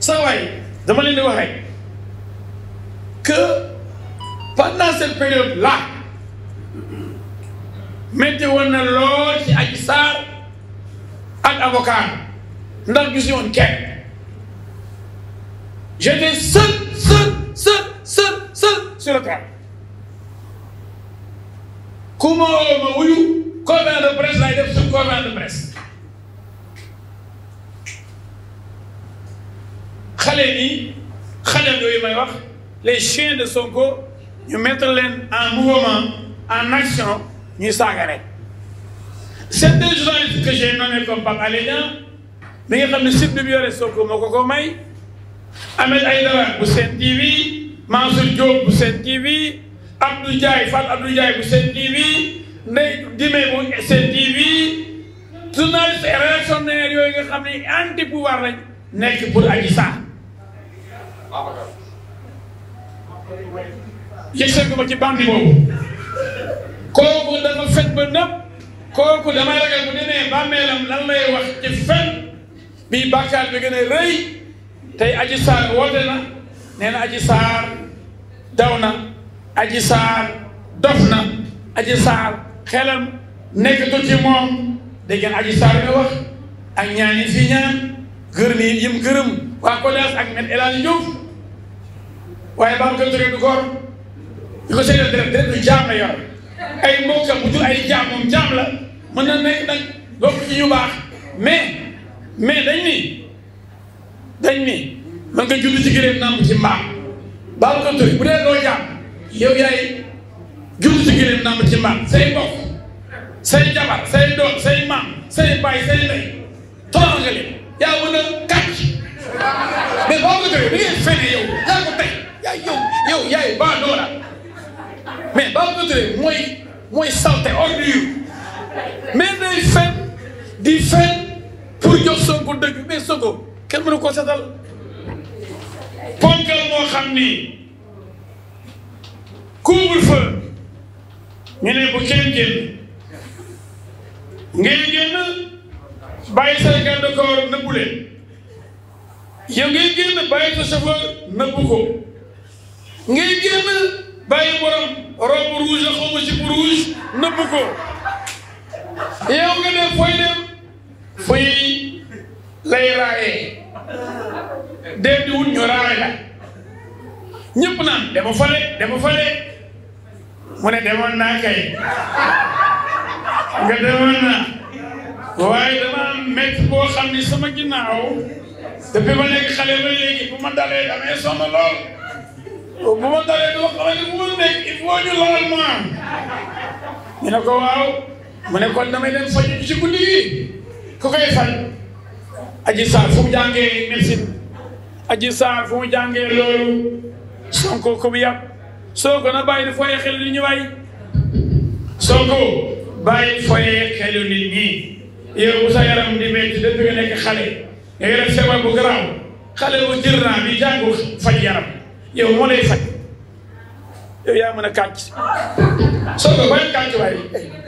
saa waay dama leen di wax rek que pendant cette période là métti woon na lool ci Adji Sarr ak avocat ndax gis woon kenn j'étais seul seul seul seul seul sur le terrain ku ma woo ma wuyu conférence de presse laay def suñu conférence de presse xale yi xale yooyu may wax les chiens de Sonko ñu mettre leen en mouvement en action ñuy saaga rek c'est des journalistes que j'ai nommé comme Pape Alé Niang mi nga xam ne site bi mu yore Sonko moo ko ko may Ahmed Aïdara bu Sen TV Mansour Diop bu Sen TV Abdou Ndiaye Fall Abdou Ndiaye bu Sen TV Ndeye bu Sen TV journaliste réactionnaire yooyu nga xam ne anti pouvoir lañ nekk pour Adji Sarr yëg ma ci bandi boobu kooku dafa fet ba nëpp kooku damay ragal bu demee bàmmeelam lan lay wax ci fen bii bàkkaar bi gën a rëy tey aji saar woote na nee aji saar daw na aji saar dof na aji saar xelam nekk tu ci moom dégg ngeen aji saar nga wax ak ñaan fi ñaan gërëm yi yim gërëm waa Kodas ak Me El Hadji waaye ba mu ko jógee du góor di ko seetal deret deret du jaam la yor ay mbokkam bu jur jaam moom jaam la mën na nekk nag bokk ci ñu baax mais mais dañ ni dañ ni man nga julli ci gëléem nàmp ci mbaam baal ko turi bu dee doo jaam yow yaay julli ci gëléem nàmp ci mbaam say bokk say jabar say doom say maam say baay say ndey toroxal nga leen yaa mën a kàcc mais boo ko turi da ngay fene yow yaa tey yaay yow yow yaay baadoola mais Babacar Touré mooy mooy salte ordure mais day fen di fen pour jox Sonko dëgg mais Sonko kenn mënu ko setal ponkal moo xam ni couvre-feu ñu ne bu kenn génn ngay génn bàyyi sa garde corps nëbbu leen yow ngay génn bàyyi sa chauffeur nëbbu ko ngay génn bàyyi borom robe rouge la xaw ma si bu rouge nëbb ko yow nga dem fooy dem fuy lay dee di wut ñu raay la ñëpp naan dama fale dama fale mu demoon naa kay nga demoon naa waaye dama am métti xam ni sama ginnaaw depuis ma nekk xale ba léegi bu ma dalee damay sonn lool. bu ma dalee doo xam ne nekk il faut laal ma ñu ne ko waaw ne kon damay dem faj ci guddi gi ku koy faj aji saar fu mu jàngee loolu sonko ko mu yàpp ko na bàyyi di foyee xelu nit ñi waay soo ko bàyyi foyee xelu nit ñi sa yaram di métti depuis nga nekk xale nga yaram feebar bu garaaw xale bu jër naa bi faj yaram yow moo lay faj yow yaa mën a kàcc soo ko bàyyi kàcc waaye